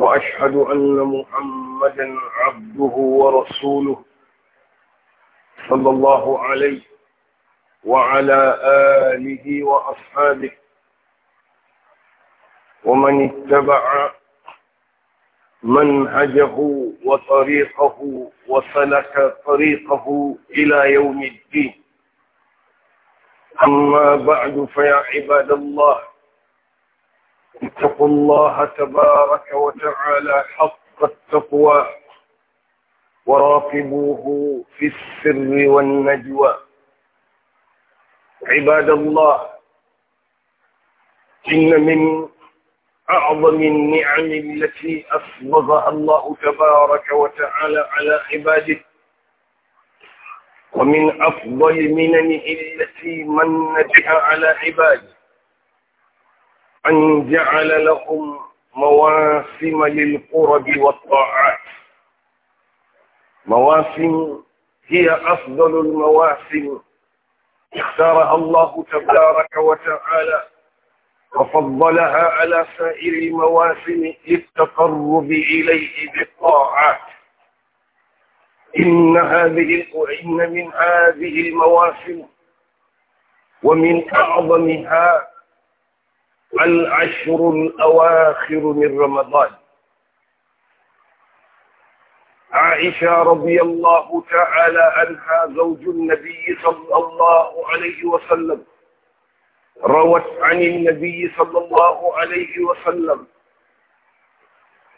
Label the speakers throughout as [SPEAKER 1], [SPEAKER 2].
[SPEAKER 1] وأشهد أن محمدا عبده ورسوله صلى الله عليه وعلى آله وأصحابه ومن اتبع منهجه وطريقه وسلك طريقه إلى يوم الدين أما بعد فيا عباد الله اتقوا الله تبارك وتعالى حق التقوى وراقبوه في السر والنجوى عباد الله إن من أعظم النعم التي أصبغها الله تبارك وتعالى على عباده ومن أفضل مننه التي من بها على عباده أن جعل لهم مواسم للقرب والطاعات مواسم هي أفضل المواسم اختارها الله تبارك وتعالى وفضلها على سائر المواسم للتقرب إليه بالطاعات إن هذه إن من هذه المواسم ومن أعظمها العشر الأواخر من رمضان عائشة رضي الله تعالى عنها زوج النبي صلى الله عليه وسلم روت عن النبي صلى الله عليه وسلم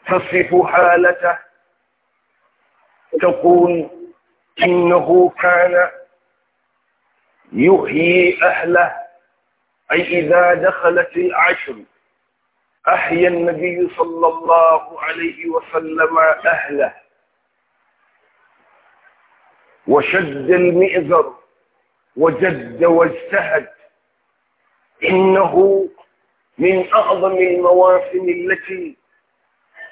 [SPEAKER 1] تصف حالته تقول إنه كان يحيي أهله أي إذا دخلت العشر أحيا النبي صلى الله عليه وسلم أهله وشد المئزر وجد واجتهد إنه من أعظم المواسم التي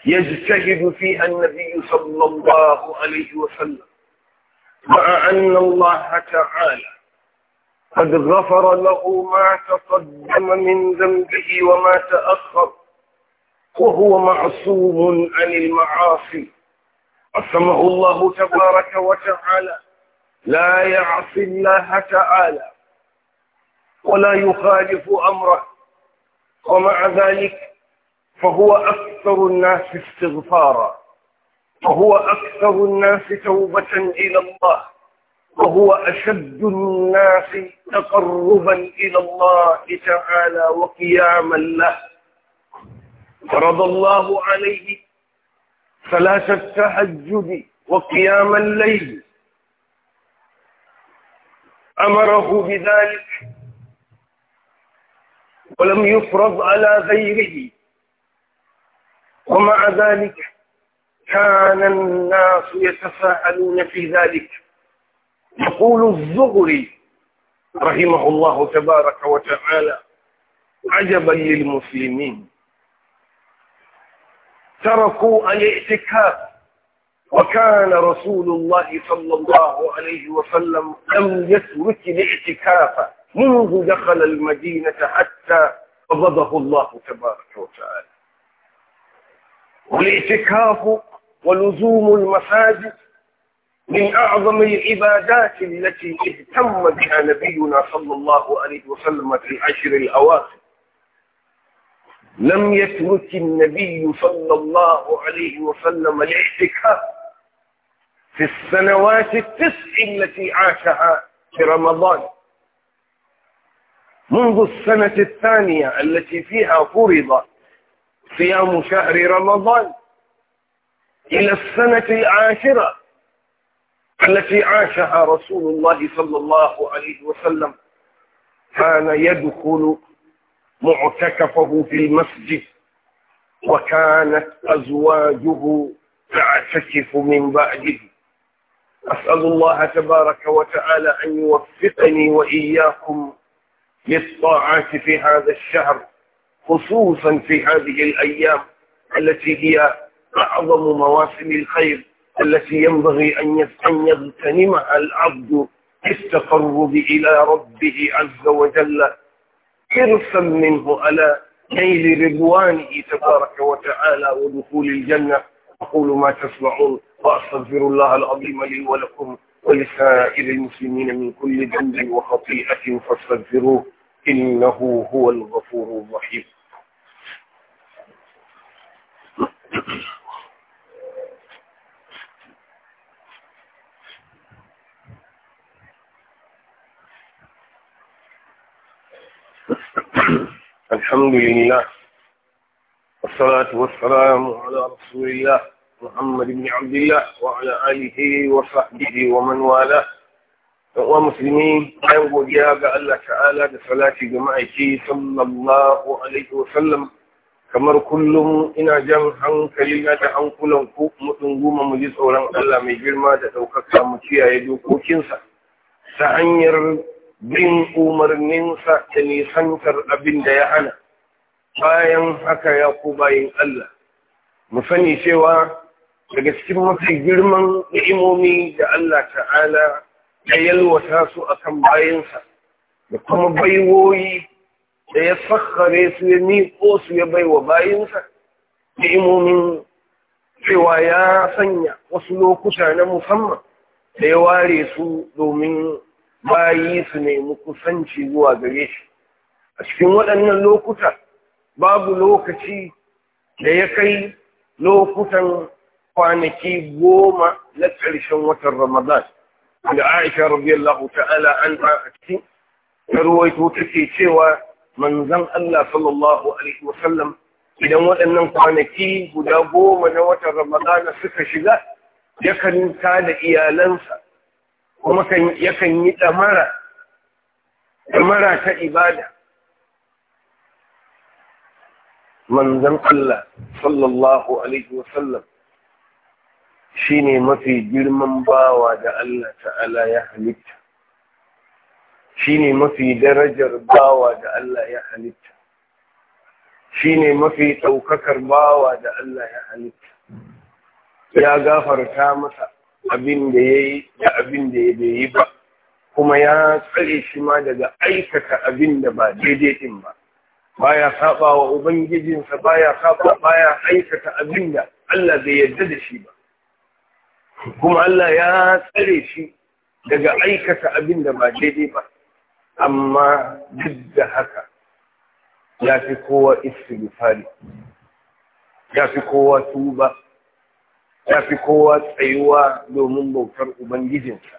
[SPEAKER 1] يجتهد فيها النبي صلى الله عليه وسلم مع أن الله تعالى قد غفر له ما تقدم من ذنبه وما تأخر وهو معصوم عن المعاصي عصمه الله تبارك وتعالى لا يعصي الله تعالى ولا يخالف أمره ومع ذلك فهو أكثر الناس استغفارا وهو أكثر الناس توبة إلى الله وهو أشد الناس تقربا إلى الله تعالى وقياما له فرض الله عليه صلاة التهجد وقيام الليل أمره بذلك ولم يفرض على غيره ومع ذلك كان الناس يتفاعلون في ذلك يقول الزهري رحمه الله تبارك وتعالى عجبا للمسلمين تركوا الاعتكاف وكان رسول الله صلى الله عليه وسلم لم يترك الاعتكاف منذ دخل المدينة حتى قبضه الله تبارك وتعالى والاعتكاف ولزوم المساجد
[SPEAKER 2] من أعظم
[SPEAKER 1] العبادات التي اهتم بها نبينا صلى الله عليه وسلم في العشر الأواخر لم يترك النبي صلى الله عليه وسلم الاعتكاف في السنوات التسع التي عاشها في رمضان منذ السنة الثانية التي فيها فرض صيام شهر رمضان إلى السنة العاشرة التي عاشها رسول الله صلى الله عليه وسلم كان يدخل معتكفه في المسجد وكانت أزواجه تعتكف من بعده أسأل الله تبارك وتعالى أن يوفقني وإياكم للطاعات في هذا الشهر خصوصا في هذه الأيام التي هي أعظم مواسم الخير التي ينبغي أن يغتنمها العبد في التقرب إلى ربه عز وجل حرصا منه على نيل رضوانه تبارك وتعالى ودخول الجنة أقول ما تسمعون وأستغفر الله العظيم لي ولكم ولسائر المسلمين من كل ذنب وخطيئة فاستغفروه إنه هو الغفور الرحيم Thank you. الحمد لله والصلاة والسلام على رسول الله محمد بن عبد الله وعلى آله وصحبه ومن والاه ومسلمين أن وجاء الله تعالى بصلاة جماعتي صلى الله عليه وسلم kamar kullum ina jan hankali na da hankulan ku mutum goma mu ji tsoron Allah mai girma da ɗaukaka mu kiyaye dokokinsa ta hanyar bin umarninsa da nisantar abin da ya hana bayan haka ya ku bayin Allah mu sani cewa daga cikin mafi girman ni'imomi da Allah ta'ala ya yalwata su kan bayansa da kuma baiwoyi da ya sakhare su ya miƙo su ya baiwa bayansa ni'imomin cewa ya sanya wasu lokuta na musamman da ya ware su domin bayi su nemi kusanci zuwa gare shi a cikin waɗannan lokuta babu lokaci da ya kai lokutan kwanaki goma na ƙarshen watan ramadan da aisha radiyallahu ta'ala an a cikin tarwaito take cewa manzon Allah sallallahu alaihi wasallam idan waɗannan kwanaki guda goma na watan ramadan suka shiga yakan ta da iyalansa kuma yakan yi ɗamara ɗamara ta ibada manzan Allah sallallahu alaihi wasallam shi ne mafi girman bawa da Allah ta'ala ya halitta shi ne mafi darajar bawa da Allah ya halitta shi ne mafi ɗaukakar bawa da Allah ya halitta ya gafarta masa abin da ya yi da abin da ya bai yi ba kuma ya tsare shi ma daga aikata abin da ba daidai din ba baya saba wa ubangijinsa baya saba baya aikata abin da Allah bai yarda da shi ba kuma Allah ya tsare shi daga aikata abin da ba daidai ba amma duk da haka ya fi kowa istighfari ya fi kowa tuba ya fi kowa tsayuwa domin bautar Ubangijinsa,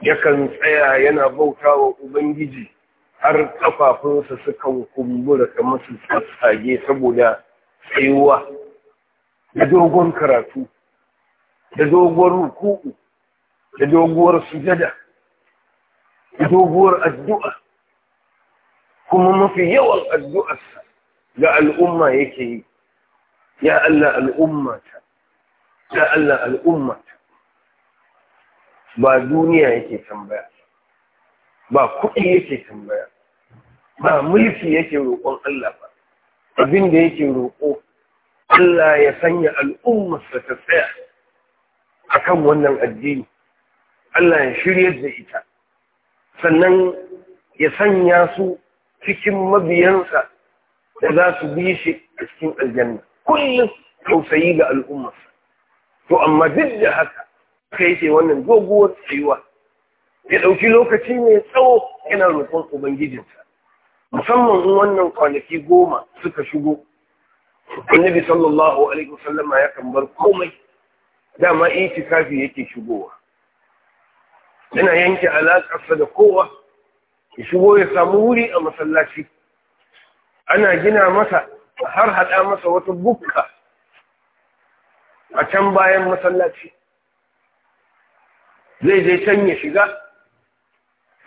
[SPEAKER 1] yakan tsaya yana bauta wa Ubangiji har ƙafafunsa sukan kumbura kamar su tsage saboda tsayuwa da dogon karatu, da doguwar ruku'u, da doguwar sujada, da doguwar addu'a, kuma mafi yawan addu'arsa ga al'umma yake yi, ya Allah al'ummata. ya Allah al'umma ba duniya yake tambaya ba kuɗi yake tambaya ba mulki yake roƙon Allah ba abin da yake roƙo Allah ya sanya al'ummarsa ta tsaya akan wannan addini Allah ya shirya da ita sannan ya sanya su cikin mabiyansa da za su bi shi a cikin aljanna kullum tausayi ga al'ummarsa to amma duk da haka aka ce wannan doguwar tsayuwa ya ɗauki lokaci mai tsawo yana roƙon ubangijinsa musamman in wannan kwanaki goma suka shigo annabi sallallahu alaihi wasallama ya kan bar komai dama itikafi yake shigowa yana yanke alaƙarsa da kowa ya shigo ya samu wuri a masallaci
[SPEAKER 2] ana gina masa
[SPEAKER 1] har haɗa masa wata bukka a can bayan masallaci zai je can ya shiga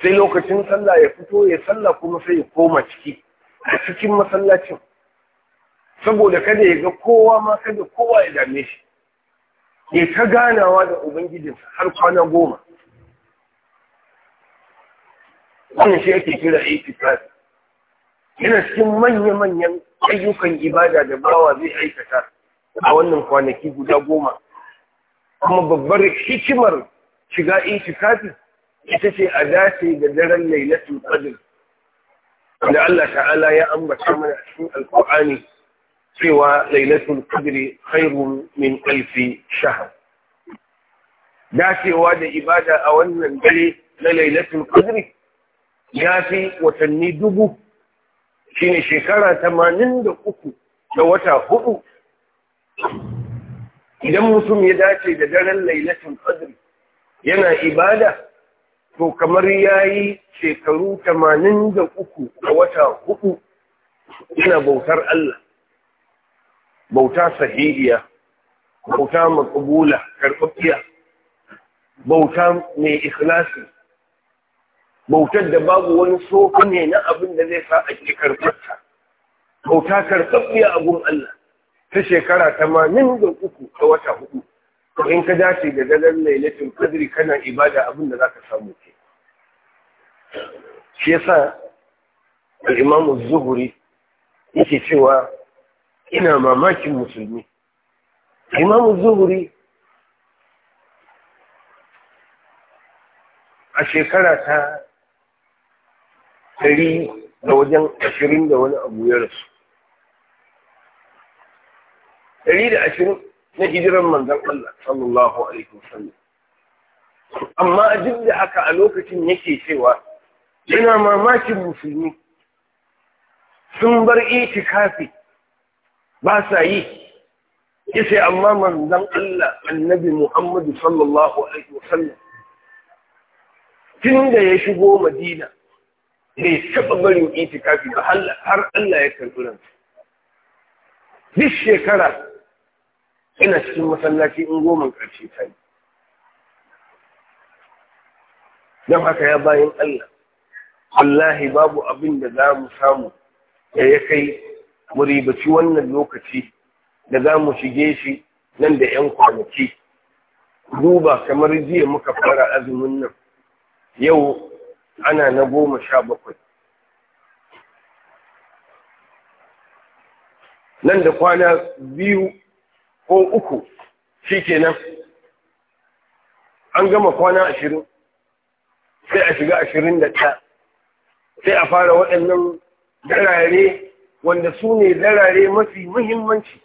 [SPEAKER 1] sai lokacin sallah ya fito ya sallah kuma sai ya koma ciki a cikin masallacin saboda kada ya ga kowa ma kada kowa ya dame shi ya ta ganawa da ubangijinsa har kwana goma wannan shi ake kira itikaf yana cikin manya-manyan ayyukan ibada da bawa zai aikata a wannan kwanaki guda goma kuma babbar hikimar shiga itikafi ita ce a dace da daren lailatul qadr da Allah ta'ala ya ambata mana a cikin alqur'ani cewa lailatul qadr khairun min alfi shahr dacewa da ibada a wannan dare na lailatul qadr ya fi watanni dubu shine shekara tamanin da uku da wata hudu
[SPEAKER 2] idan mutum
[SPEAKER 1] ya dace da daren lailatul qadri yana ibada to kamar yayi shekaru 83 a wata hudu yana bautar Allah bauta sahihiya bauta maqbula karfafiya bauta mai ikhlasi bautar da babu wani soko ne na abin da zai sa a ake karfarta bauta karfafiya abun Allah ta shekara ta min da uku ta wata hudu to in ka dace da daren lailatul qadri kana ibada abin da za ka samu ke shi yasa al-imam az yake cewa ina mamakin musulmi imam az-zuhri a shekara ta ɗari da wajen ashirin da wani abu ya rasu ɗari da ashirin na hijiran manzan Allah sallallahu alaihi wasallam
[SPEAKER 2] amma duk
[SPEAKER 1] da haka a lokacin yake cewa yana mamakin musulmi sun bar itikafi ba sa yi yace amma manzan Allah annabi Muhammadu sallallahu alaihi wasallam tun da ya shigo Madina bai taɓa barin itikafi ba har Allah ya karɓi ransa duk shekara ina cikin masallaci in goma ƙarshe ta yi don haka ya bayan Allah wallahi babu abin da za mu samu da ya kai mu ribaci wannan lokaci da za mu shige shi nan da 'yan kwanaki duba kamar jiya muka fara azumin nan yau ana na goma sha bakwai nan da kwana biyu ko uku shi kenan an gama kwana ashirin sai a shiga ashirin da ta, sai a fara waɗannan darare wanda su ne darare mafi muhimmanci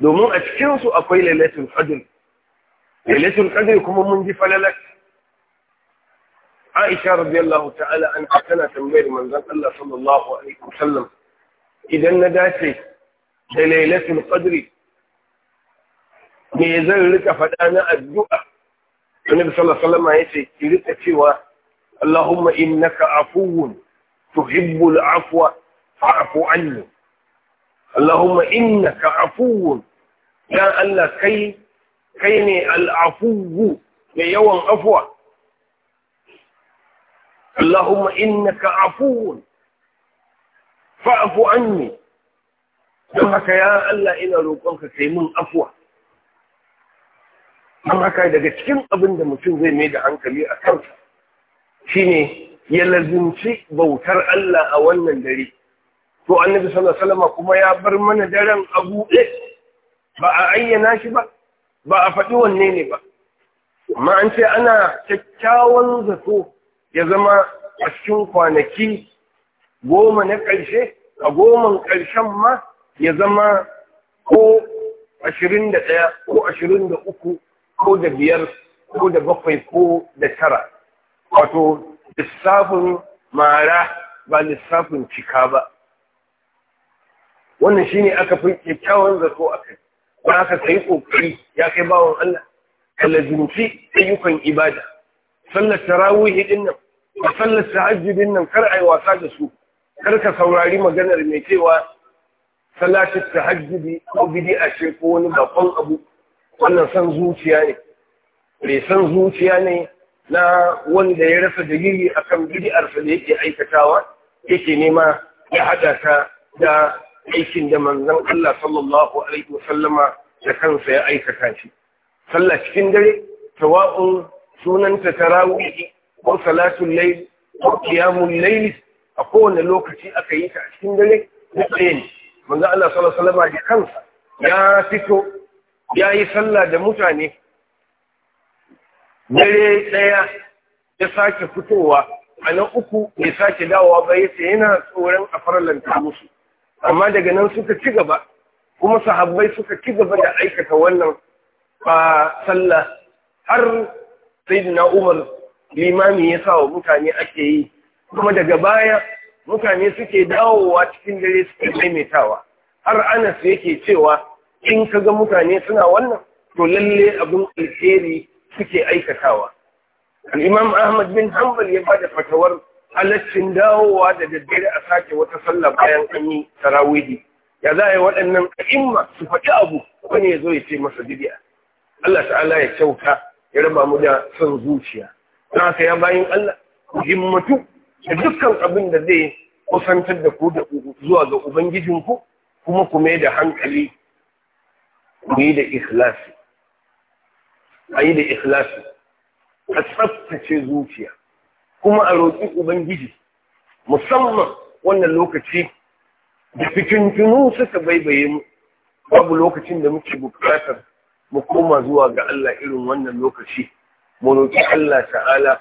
[SPEAKER 1] domin a cikinsu akwai lailatul qadr lailatul qadr kuma mun ji falalat Aisha radiyallahu ta'ala an tana tambayar manzon Allah sallallahu alaihi wasallam idan na dace da lailatul ƙadir. me zan rika faɗa na addu'a annabi sallallahu alaihi wasallam yace ki rika cewa Allahumma innaka afuwun tuhibbul afwa fa'fu anni
[SPEAKER 2] Allahumma innaka
[SPEAKER 1] afuwun ya Allah kai kai ne al'afuwu mai yawan afuwa Allahumma innaka afuwun fa'fu anni don haka ya Allah ina roƙonka kai mun afuwa don haka daga cikin abin da mutum zai mai da hankali a kansa shine ya lazimci bautar Allah a wannan dare to annabi sallallahu alaihi wasallam kuma ya bar mana daren a buɗe ba a ayyana shi ba ba a faɗi wanne ne ba amma an ce ana kyakkyawan zato ya zama a cikin kwanaki goma na ƙarshe a goman ƙarshen ma ya zama ko ashirin da ɗaya ko ashirin da uku ko da biyar ko da bakwai ko da tara wato lissafin mara ba lissafin cika ba wannan shi ne aka fi kyakkyawan zato a kai ba aka sayi ƙoƙari ya kai bawan Allah ka ayyukan ibada sallar tarawih din nan da sallar tahajjudin nan kar a yi wasa da su kar ka saurari maganar mai cewa salatin tahajjudi ko a ce ko wani bakon abu wannan san zuciya ne bai san zuciya ne na wanda ya rasa dalili akan bid'arsa da yake aikatawa yake nema ya hada ta da aikin da manzan Allah sallallahu alaihi wasallama da kansa ya aikata shi sallah cikin dare tawa'un sunanta ta tarawih ko salatun layl ko kiyamun layl a kowane lokaci aka yi ta a cikin dare da tsaye ne manzo Allah sallallahu alaihi wasallam da kansa ya fito ya yi sallah da mutane dare daya ya sake fitowa a nan uku ya sake dawowa ba yana tsoron a farlanta musu amma daga nan suka ci gaba kuma sahabbai suka ci gaba da aikata wannan sallah har sai da na'umar limami ya sa wa mutane ake yi kuma daga baya mutane suke dawowa cikin dare suke maimaitawa har Anas yake cewa in ka ga mutane suna wannan to lalle abin alheri suke aikatawa alimam ahmad bin hanbal ya bada fatawar halaccin dawowa da daddare a sake wata sallah bayan an yi tarawihi ya za a yi waɗannan a'imma su faɗi abu wani ya zo ya ce masa bidiya Allah ta'ala ya kyauta ya raba mu da son zuciya na haka ya bayan Allah ku himmatu da dukkan abin da zai kusantar da ku zuwa ga ubangijinku kuma ku mai da hankali da ikhlasi a yi da ikhlasi a tsaftace zuciya kuma a roƙi ubangiji musamman wannan lokaci da fitintunu suka baibaye mu babu lokacin da muke buƙatar mu koma zuwa ga Allah irin wannan lokaci mu roƙi Allah ta'ala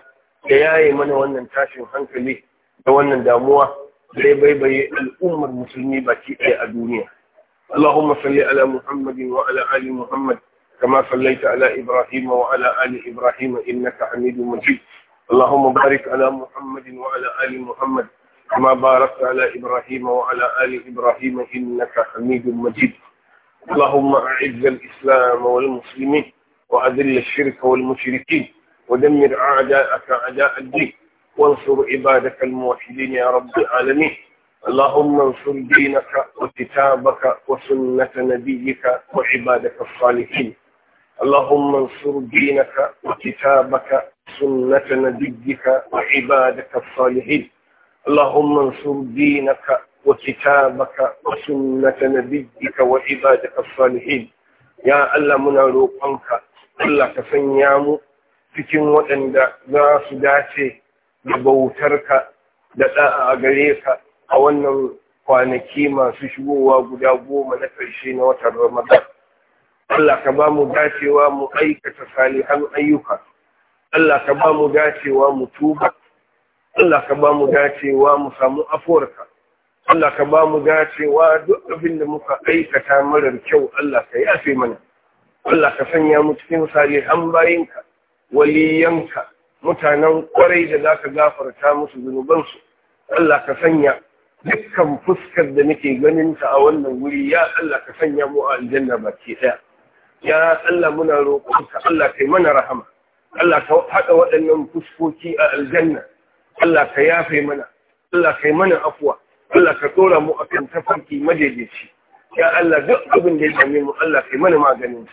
[SPEAKER 2] da yaye mana
[SPEAKER 1] wannan tashin hankali da wannan damuwa da ya baibaye al'ummar musulmi baki ɗaya a duniya اللهم صل على محمد وعلى آل محمد كما صليت على إبراهيم وعلى آل إبراهيم إنك حميد مجيد اللهم بارك على محمد وعلى آل محمد كما باركت على إبراهيم وعلى آل إبراهيم إنك حميد مجيد اللهم أعز الإسلام والمسلمين وأذل الشرك والمشركين ودمر أعداءك أعداء الدين وانصر عبادك الموحدين يا رب العالمين اللهم انصر دينك وكتابك وسنة نبيك وعبادك الصالحين اللهم انصر دينك وكتابك وسنة نبيك وعبادك الصالحين اللهم انصر دينك وكتابك وسنة نبيك وعبادك الصالحين يا الله من روقك الله كسنيامو في waɗanda za su سداتي da bautarka da a wannan kwanaki masu shigowa guda goma na ƙarshe na watan Ramadan. Allah ka ba mu dacewa mu aikata salihan ayyuka. Allah ka ba mu dacewa mu tuba. Allah ka ba mu dacewa mu samu afuwarka. Allah ka ba mu dacewa duk abin da muka aikata marar kyau Allah ka yafe mana. Allah ka sanya mu cikin salihan bayinka, waliyanka, mutanen kwarai da za ka gafarta musu zunubansu. Allah ka sanya dukkan fuskar da nake ganin ta a wannan wuri ya Allah ka sanya mu a aljanna baki daya ya Allah muna roƙonka Allah kai mana rahama Allah ka haɗa waɗannan fuskoki a aljanna Allah ka yafe mana Allah kai mana afuwa Allah ka tsora mu a kan tafarki madaidaici ya Allah duk abin da ya dame mu Allah kai mana maganin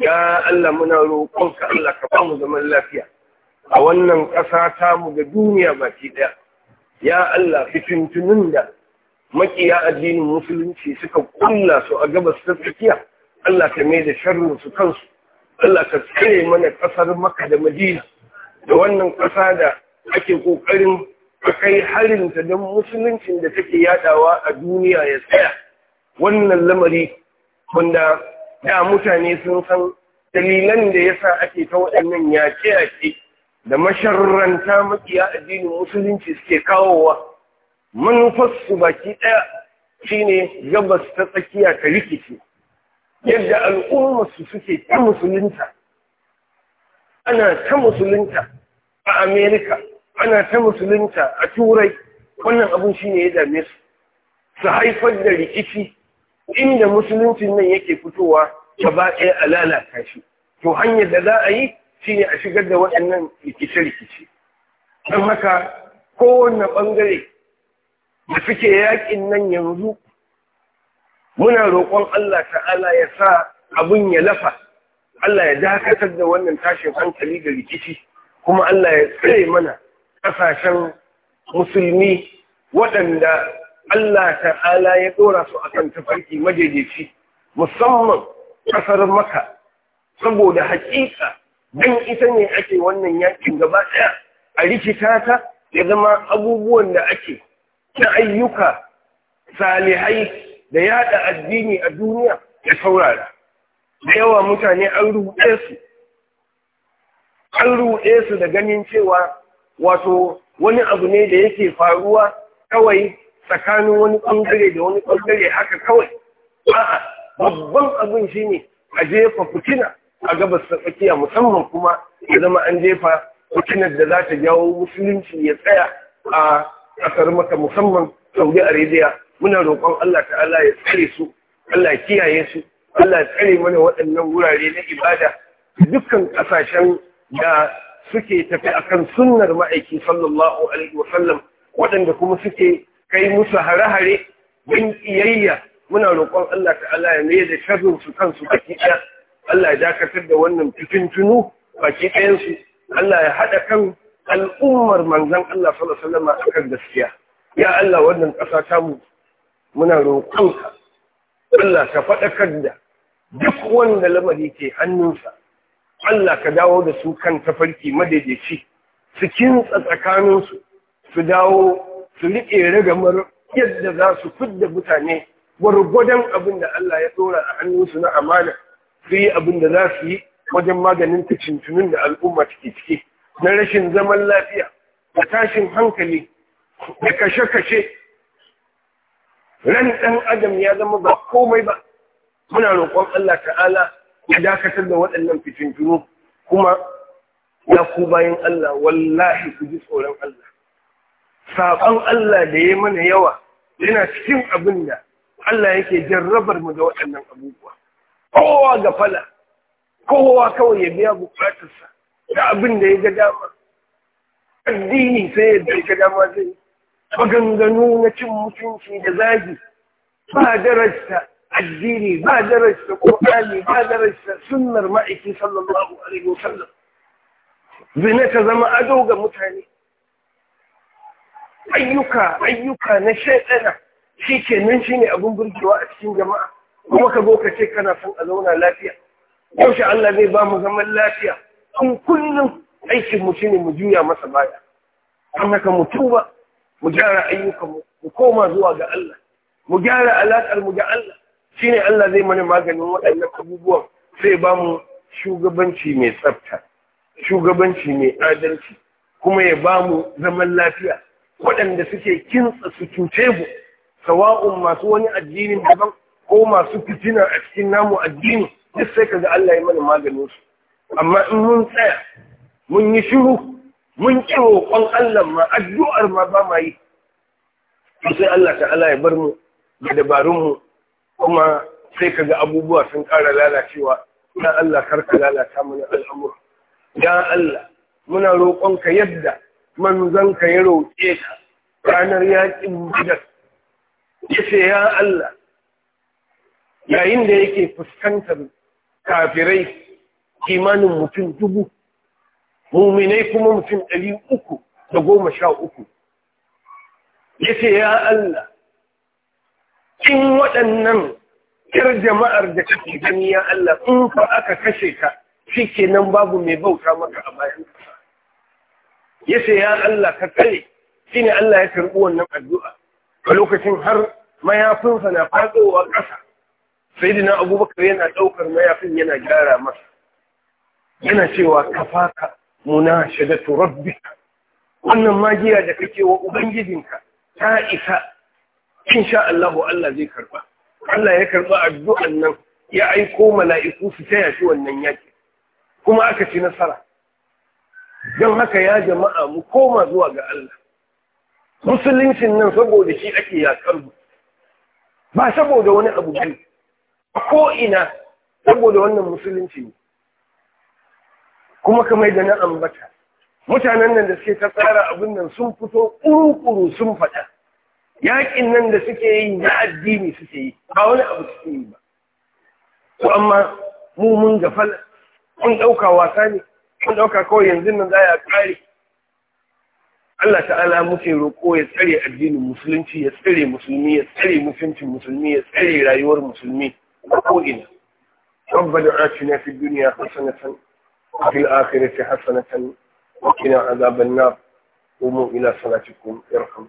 [SPEAKER 1] ya Allah muna roƙonka Allah ka ba mu zaman lafiya a wannan ƙasa ta mu ga duniya baki ɗaya ya Allah fitintunin da makiya addinin musulunci suka kulla su a gabas ta tsakiya Allah ka mai da sharrin su kansu Allah ka tsire mana kasar Makka da Madina da wannan kasa da ake kokarin kai harinta don musuluncin da take yadawa a duniya ya tsaya wannan lamari wanda da mutane sun san dalilan da yasa ake ta waɗannan yaƙe-yaƙe da masharranta makiya addinin musulunci suke kawowa manufarsu baki ɗaya shine gabas ta tsakiya ta rikici. yadda al'ummarsu suke ta musulunta ana ta musulunta a amerika ana ta musulunta a turai wannan abin ne ya dame su su haifar da rikici inda musuluncin nan yake fitowa gaba ɗaya a lalata shi to hanyar da za a yi Shi ne a shigar da waɗannan rikice-rikice don haka kowane ɓangare da suke yaƙin nan yanzu muna roƙon Allah ta'ala ya sa abin ya lafa Allah ya dakatar da wannan tashin hankali da rikici kuma Allah ya tsare mana ƙasashen musulmi waɗanda Allah ta'ala ya ɗora su a kan tafarki madaidaici musamman ƙasar maka saboda haƙiƙa don ita ne ake wannan yakin gaba ɗaya a rikita ta ya zama abubuwan da ake ta ayyuka salihai da yada addini a duniya ya saurara da yawa mutane an ruɗe su an ruɗe su da ganin cewa wato wani abu ne da yake faruwa kawai tsakanin wani ɓangare da wani ɓangare haka kawai a'a babban abin shine a jefa fitina a gabas ta tsakiya musamman kuma ya zama an jefa fitinar da za ta jawo musulunci ya tsaya a ƙasar maka musamman saudi arabia muna roƙon allah ta'ala ya tsare su allah kiyaye su allah ya tsare mana waɗannan wurare na ibada dukkan ƙasashen da suke tafi akan sunnar ma'aiki sallallahu alaihi sallam, waɗanda kuma suke kai musu hare-hare don ƙiyayya muna roƙon allah ta'ala ya mai da sharrin su kansu baki ɗaya Allah ya dakatar da wannan fitintunu baki ɗayansu Allah ya haɗa kan al'ummar manzan Allah sallallahu alaihi akan gaskiya ya Allah wannan ƙasa ta mu muna roƙonka Allah ka faɗakar da duk wanda lamari ke hannunsa Allah ka dawo da su kan tafarki madaidaici su kintsa tsakaninsu su dawo su riƙe ragamar yadda za su fidda mutane gwargwadon abin da Allah ya ɗora a hannunsu na amana su yi abin da za su yi wajen maganin tuntunin da al'umma take ciki na rashin zaman lafiya da tashin hankali da kashe-kashe ran ɗan adam ya zama ba komai ba muna roƙon Allah ta'ala ya dakatar da waɗannan fitintunu kuma ya ku bayan Allah wallahi ku ji tsoron Allah saƙon Allah da ya mana yawa yana cikin abin da Allah yake jarrabar mu da waɗannan abubuwa kowa ga fala kowa kawai ya biya bukatarsa da abin da ya ga dama addini sai ya ya ga dama zai maganganu na cin mutunci da zagi ba darasta addini ba darasta ƙorani ba darasta sunnar ma'aiki sallallahu alaihi sallam zina ta zama ado ga mutane ayyuka ayyuka na shaidana shi kenan shi ne abin burgewa a cikin jama'a kuma ka zo ka ce kana son a zauna lafiya yaushe Allah zai ba mu zaman lafiya in kullum aikin mu shine mu juya masa baya an haka mu tuba mu gyara ayyukan mu mu koma zuwa ga Allah mu gyara alaƙar mu ga Allah shine Allah zai mana maganin waɗannan abubuwan sai ba mu shugabanci mai tsafta shugabanci mai adalci kuma ya ba mu zaman lafiya waɗanda suke kintsa su cuce mu sawa'un masu wani addinin daban ko masu fitina a cikin namu addini duk sai kaga Allah ya mana maganin su amma in mun tsaya mun yi shiru mun ƙi roƙon Allah ma addu'ar ma ba ma yi sai Allah ta'ala ya bar mu da dabarun mu kuma sai kaga abubuwa sun ƙara lalacewa ya Allah karka lalata mana al'amura ya Allah muna ka yadda manzanka ya roƙe ka ranar yaƙin bidar ya ce ya Allah yayin da yake fuskantar kafirai kimanin mutum dubu muminai kuma mutum ɗari uku da goma sha uku ya ya Allah in waɗannan yar jama'ar da kake gani ya Allah in fa aka kashe ka shi nan babu mai bauta maka a bayan ka ya ya Allah ka tsare shi ne Allah ya karɓi wannan addu'a a lokacin har mayafinsa na faɗowa ƙasa sayyidina abubakar yana ɗaukar mayafin yana gyara masa yana cewa kafaka muna shadatu rabbika wannan magiya da kake wa ubangijinka ta isa sha Allah Allah zai karba Allah ya karba addu'an nan ya aiko mala'iku su taya shi wannan yaki kuma aka ci nasara don haka ya jama'a mu koma zuwa ga Allah musuluncin nan saboda shi ake yakar ba saboda wani abu bane a ko'ina saboda wannan musulunci ne kuma kamar da na ambata mutanen nan da suke ta tsara abin nan sun fito ƙuru-ƙuru sun faɗa yaƙin nan da suke yi na addini suke yi ba wani abu suke yi ba to amma mu mun gafala ɗauka wasa ne ɗauka kawai yanzu nan za a ƙare Allah ta'ala muke roƙo ya tsare addinin musulunci ya tsare musulmi ya tsare mutuncin musulmi ya tsare rayuwar musulmi وقوئنا ربنا دعاتنا في الدنيا حسنة وفي الآخرة حسنة وقنا عذاب النار قوموا إلى صلاتكم ارحموا